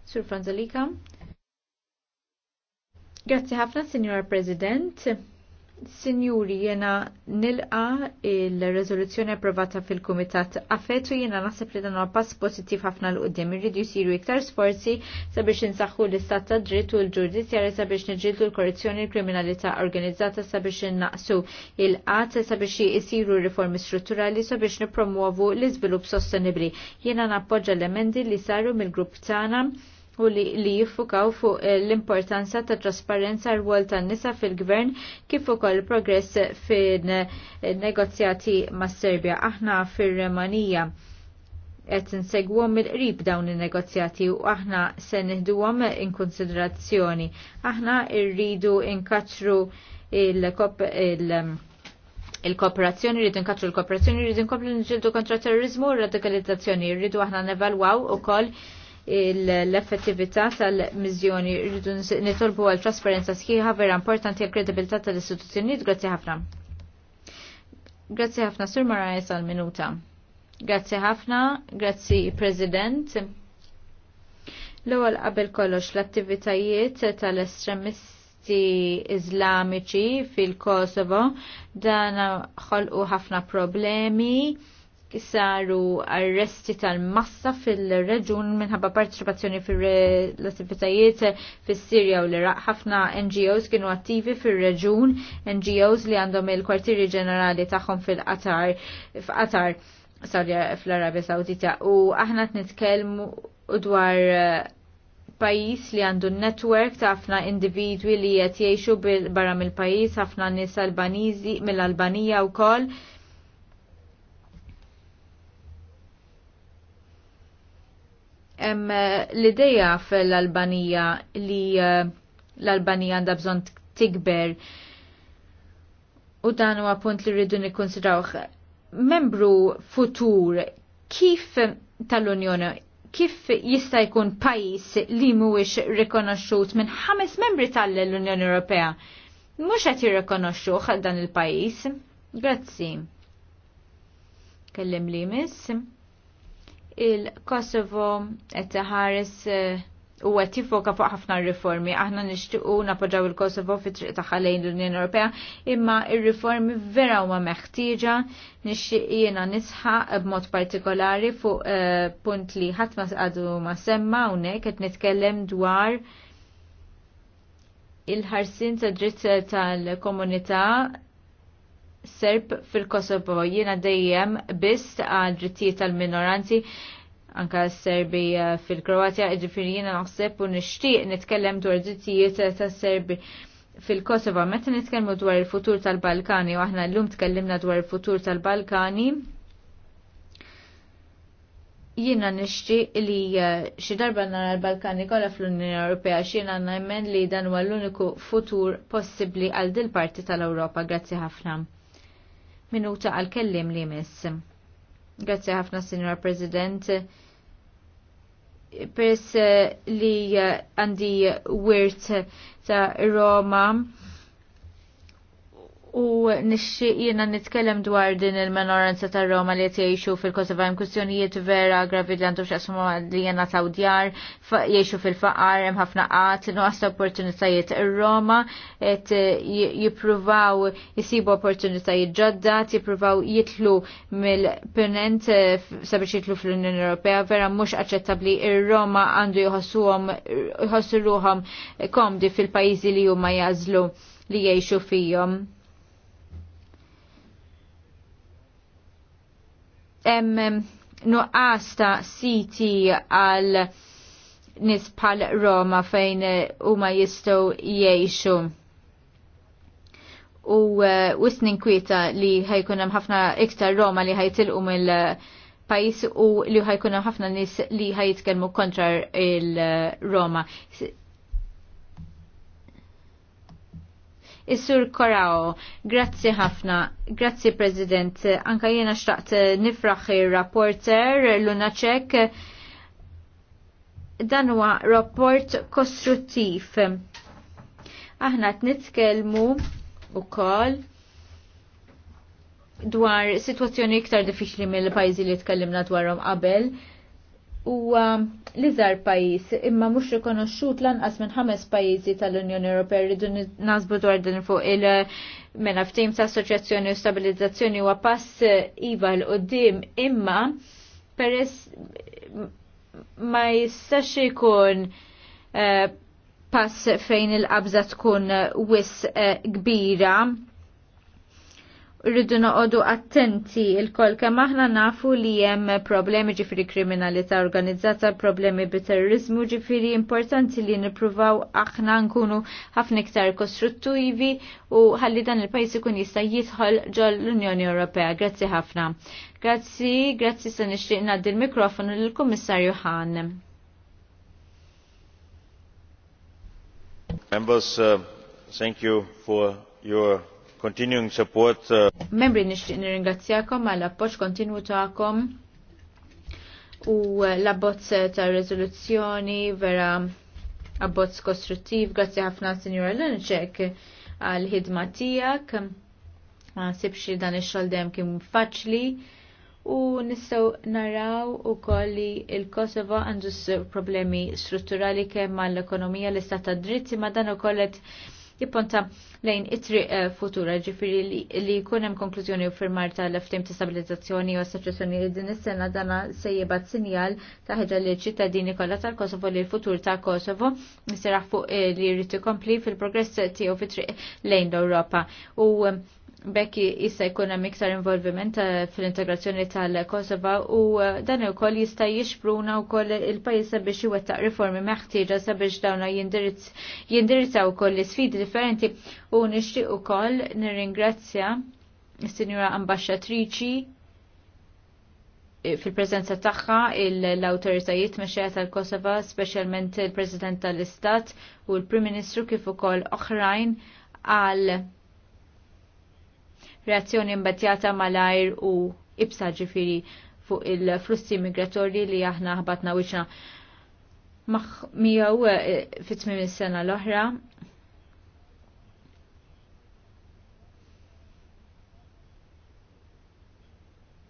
Sur Franzalika. Grazzi ħafna, Signora President. Sinjuri, jena nilqa il-rezoluzzjoni approvata fil-Kumitat Affetu jena nasib li dan pass pozittiv ħafna l-qoddim. Irridu jisiru iktar sforzi sabiex insaħħu l-istat ta' dritt u l ġurdizzja sabiex niġġieldu l-korruzzjoni l-kriminalità organizzata sabiex innaqsu il-qat sabiex jisiru riformi strutturali sabiex nipromuovu l iżvilupp sostenibli. Jena nappoġġa l-emendi li saru mill-grupp tagħna u li, li jiffukaw fuq eh, l-importanza ta' trasparenza rwol tan nisa fil-gvern kif ukoll progress fin eh, negozjati mas Serbja. Aħna fir-Remanija qed insegwhom mill-qrib dawn in-negozjati u aħna se nieħduhom in konsiderazzjoni. Aħna rridu inkaċru il-kop il, -kop, il il kooperazzjoni rridu nkatru l-kooperazzjoni, rridu nkomplu nġildu kontra terrorizmu u radikalizzazzjoni, rridu aħna nevalwaw u koll l-effettività tal-mizjoni rridu nitolbu għal trasparenza sħiħa vera importanti għal kredibilità tal-istituzzjonijiet. Grazzi ħafna. Grazzi ħafna, Sur Marajs għal minuta. Grazzi ħafna, grazzi President. L-ewwel qabel kollox l-attivitajiet tal-estremisti iżlamiċi fil-Kosovo dan ħolqu ħafna problemi saru arresti tal-massa fil-reġun minħabba parteċipazzjoni fil-attivitajiet fil-Sirja u l-Iraq. ħafna NGOs kienu attivi fil-reġun, NGOs li għandhom il-kwartieri ġenerali tagħhom fil-Qatar, f'Qatar, fl-Arabja Sawdita. U aħna t-nitkelmu dwar eh, pajis li għandu network ta' ħafna individwi li qed jgħixu barra mill-pajis, ħafna nis Albaniżi mill-Albanija wkoll Hemm l ideja fil albanija li eh, l-Albanija għandha bżonn tikber u dan huwa punt li rridu nikkonsidrawh membru futur kif tal-Unjoni kif jista' jkun pajjiż li mhuwiex rikonoxxut minn ħames membri tal-Unjoni Ewropea mhux qed jirrikonoxxuh għal dan il-pajjiż. Grazzi. Kellim li miss il-Kosovo qed taħares eh, u qed tifoka fuq ħafna riformi. Aħna nixtiequ napoġaw il-Kosovo fi triq tagħha lejn l-Unjoni Ewropea, imma ir-riformi vera huma meħtieġa nixtieq jiena nisħaq b'mod partikolari fuq eh, punt li ħadd ma għadu ma semma hawnhekk qed nitkellem dwar il-ħarsin ta' dritt tal-komunità Serb fil-Kosovo. Jiena dejjem biss għal drittijiet tal-minoranzi anka s-Serbi eh, fil-Kroatja, ġifiri jiena naħseb u nixtieq nitkellem dwar drittijiet tas-Serbi fil-Kosovo. Meta nitkellmu dwar il-futur tal-Balkani u aħna llum tkellimna dwar il-futur tal-Balkani, jina nixti li eh, xi darba nara l-Balkani kollha fl-Unjoni Ewropea xina najmen li dan huwa l-uniku futur possibbli għal dil parti tal-Ewropa. Grazzi ħafna minuta għal kellim li miss. Grazie ħafna, Signor President. Pers li għandi wirt ta' Roma U nixxi jiena nitkellem dwar din il-minoranza tar Roma li qed jgħixu fil kosovajn hemm kwistjonijiet vera gravi li għandhom x'aqsmu li jiena taw djar jgħixu fil-faqar hemm ħafna qatt nuqqas opportunitajiet. Ir-Roma qed jippruvaw jisibu opportunitajiet ġodda, jippruvaw jitlu mill-punent eh, sabiex jitlu fl-Unjoni Ewropea vera mhux aċċettabbli il roma għandu jħossuhom jħossu ruhom komdi fil-pajjiżi li huma jazlu li jgħixu fihom hemm nuqqas ta' siti għal nispal bħal Roma fejn eh, huma jistgħu jgħixu u eh, wisnin kwieta li ħajkun hemm ħafna iktar Roma li ħajtilqu mill eh, pajis u li ħajkun hemm ħafna nies li ħajitkellmu kontra il-Roma. Is-Sur Korao, grazzi ħafna, grazzi President, anka jena xtaqt nifraħi rapporter Luna Lunacek, dan huwa rapport kostruttiv. Aħna t-nitkelmu u koll dwar situazzjoni iktar diffiċli mill-pajzi li tkellimna dwarhom qabel, huwa l-iżgħar pajjiż imma mhux rikonoxxut lanqas minn ħames pajjiżi tal-Unjoni Ewropea rridu nasbu dwar din fuq il- mela ftim ta' assoċjazzjoni u stabilizzazzjoni huwa pass eh, iva l qudiem imma peress ma jistax ikun eh, pass fejn il-qabża tkun eh, wis kbira rridu noqogħdu attenti il-kol kemm aħna nafu li hemm problemi ġifieri kriminalità organizzata, problemi bi terrorizmu ġifieri importanti li nippruvaw aħna nkunu ħafna iktar kostruttivi u ħalli dan il-pajjiż ikun jista' jidħol ġol l-Unjoni Ewropea. Grazzi ħafna. Grazzi, grazzi se nixtieq ngħaddi l-mikrofonu lill-Kummissarju Ħan. Members, uh, thank you for your continuing support. Uh, Membri nixtieq nirringrazzjakom għall appoġġ kontinwu tagħkom u uh, l-abbozz ta' riżoluzzjoni vera abbozz kostruttiv. Grazzi ħafna Sinjura Lenċek għal ħidma tiegħek. Ma dan ix-xogħol dejjem kien faċli u nistgħu naraw ukoll li l-Kosovo għandu problemi strutturali kemm mal-ekonomija l-istat tad dritti ma dan ukoll qed jipponta lejn it-triq eh, futura ġifiri li jkun hemm konklużjoni u firmar tal-ftim ta' stabilizzazzjoni u assoċjazzjoni din is-sena dana se jibgħat sinjal ta' ħeġa li ċittadini kollha tal-Kosovo li l-futur ta' Kosovo nisiraħ fuq eh, li jrid ikompli fil-progress tiegħu fit-triq lejn l-Ewropa. U eh, bekki issa jkun hemm iktar involviment eh, fil-integrazzjoni tal-Kosova u eh, dan ukoll jista' jixpruna wkoll il-pajjiż sabiex iwettaq riformi meħtieġa sabiex dawn jindirizzaw ukoll l-isfidi differenti u nixtieq ukoll nirringrazzja is-Sinjura Ambasċatriċi eh, fil-prezenza tagħha l-awtoritajiet mexxejja tal-Kosova, speċjalment il-President tal-Istat u l-Prim Ministru kif ukoll oħrajn għal reazzjoni imbatjata malajr u ibsa ġifiri fuq il-flussi migratorji li aħna ħbatna wiċna miegħu miħaw eh, tmiem is-sena l-oħra.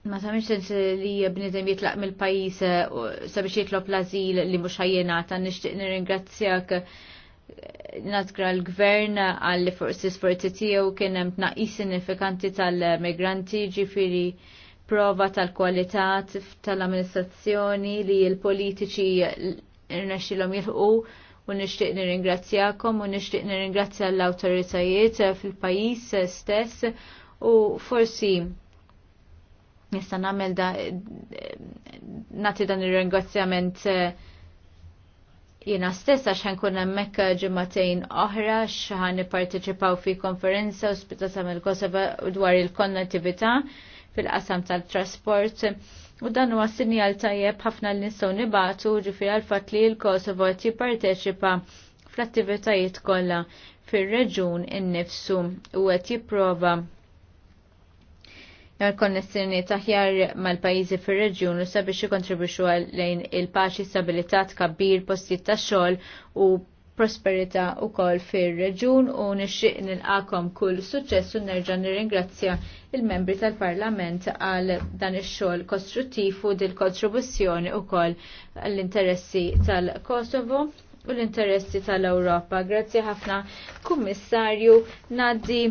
Ma samiex sens li bnidem jitlaq mill-pajis eh, sabiex jitlob l-azil li mhux nishtiq nir-ingrazzjak nazgra l-gvern għalli forsi sforzi tiegħu kien hemm tnaqqis sinifikanti tal-migranti ġifiri prova tal-kwalità tal-amministrazzjoni li l-politiċi irnexxilhom jilħu u nixtieq nirringrazzjakom u nixtieq nirringrazzja l-awtoritajiet fil-pajjiż stess u forsi nista' nagħmel da nagħti dan ir-ringrazzjament uh, Jena stessa xħan kun emmek ġematejn oħra xħan nipparteċipaw fi konferenza ospitata mill kosova dwar il-konnettività fil-qasam tal-trasport. U dan huwa sinjal tajjeb ħafna l nistgħu nibatu ġifier għalfatt fatt li l-Kosovo qed jipparteċipa fl-attivitajiet kollha fir-reġun innifsu u qed jipprova nar konnessjoni taħjar mal-pajizi fir reġjun u sabiex jikontribuxu lejn il-paċi, stabilità, tkabbir, postijiet ta' xogħol u prosperita u kol fir reġjun u nixtieq nilqakom kull suċċess u nerġa' nirringrazzja il-membri tal-Parlament għal dan ix-xogħol kostruttiv u dil-kontribuzzjoni ukoll l-interessi tal-Kosovo u l-interessi tal-Ewropa. Grazzi ħafna, Kummissarju Nadi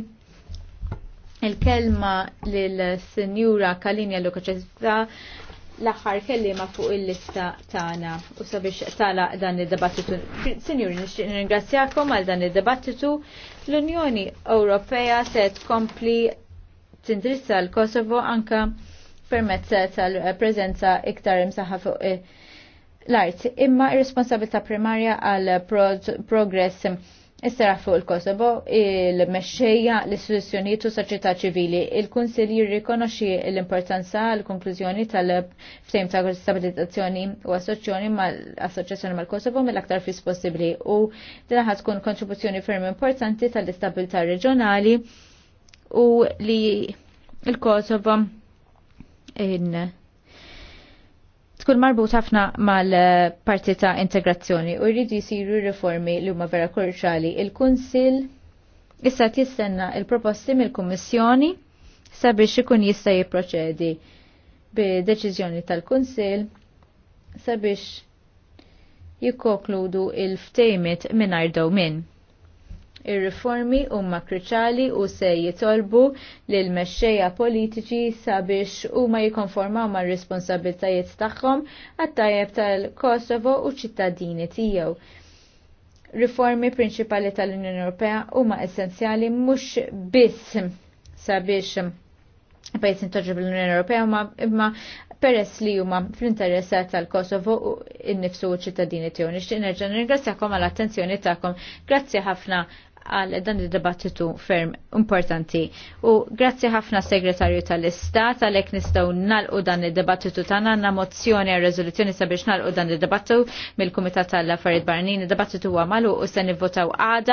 il-kelma lil-Senjura Kalinja Lukaċezza l-axar kellima fuq il-lista tagħna u sabiex tala dan id-debattitu. Sinjuri, nirringrazzjakom għal dan id-debattitu. L-Unjoni Ewropea se tkompli tindrissa l-Kosovo anka permezz tal-preżenza iktar imsaħa fuq l-art. Imma ir responsabilta primarja għal progress Issera fuq il-Kosovo, il-mexxejja l-istituzzjonijiet u soċjetà ċivili, il-Kunsill jirrikonoxxi l-importanza l-konklużjoni tal-ftehim ta' stabilizzazzjoni u assoċjoni mal-Assoċjazzjoni mal-Kosovo mill-aktar fis possibbli u din ħad tkun kontribuzzjoni ferm importanti tal-istabilità reġjonali u li il-Kosovo in tkun marbut ħafna mal-parti ta' integrazzjoni u jridu jisiru riformi li huma vera kruċjali. Il-Kunsil issa tistenna il-proposti mill-Kummissjoni sabiex ikun jista' jipproċedi bid-deċiżjoni tal-Kunsil sabiex jikkokludu il-ftejmit mingħajr dawmin. Ir-riformi huma kruċali u se jitolbu lil mexxejja politiċi sabiex huma jikkonformaw mar-responsabiltajiet tagħhom għat-tajjeb tal-Kosovo u ċittadini tiegħu. Riformi prinċipali tal-Unjoni Ewropea huma essenzjali mhux biss sabiex pajis intoġib l-Unjoni Ewropea imma peress li huma fl-interess tal-Kosovo u nnifsu u ċittadini tiegħu. Nixtieq nerġa' nirgrazzjakom għall attenzjoni tagħkom. Grazzi ħafna għal dan id-dibattitu ferm importanti. U grazzi ħafna segretarju tal-Istat għalek nistaw nalqu dan id-dibattitu tagħna għandna mozzjoni għal rezoluzzjoni sabiex nalqu dan id debattitu mill-Kumitat tal affarid Barnini. Id-dibattitu huwa malu u se nivvotaw għada.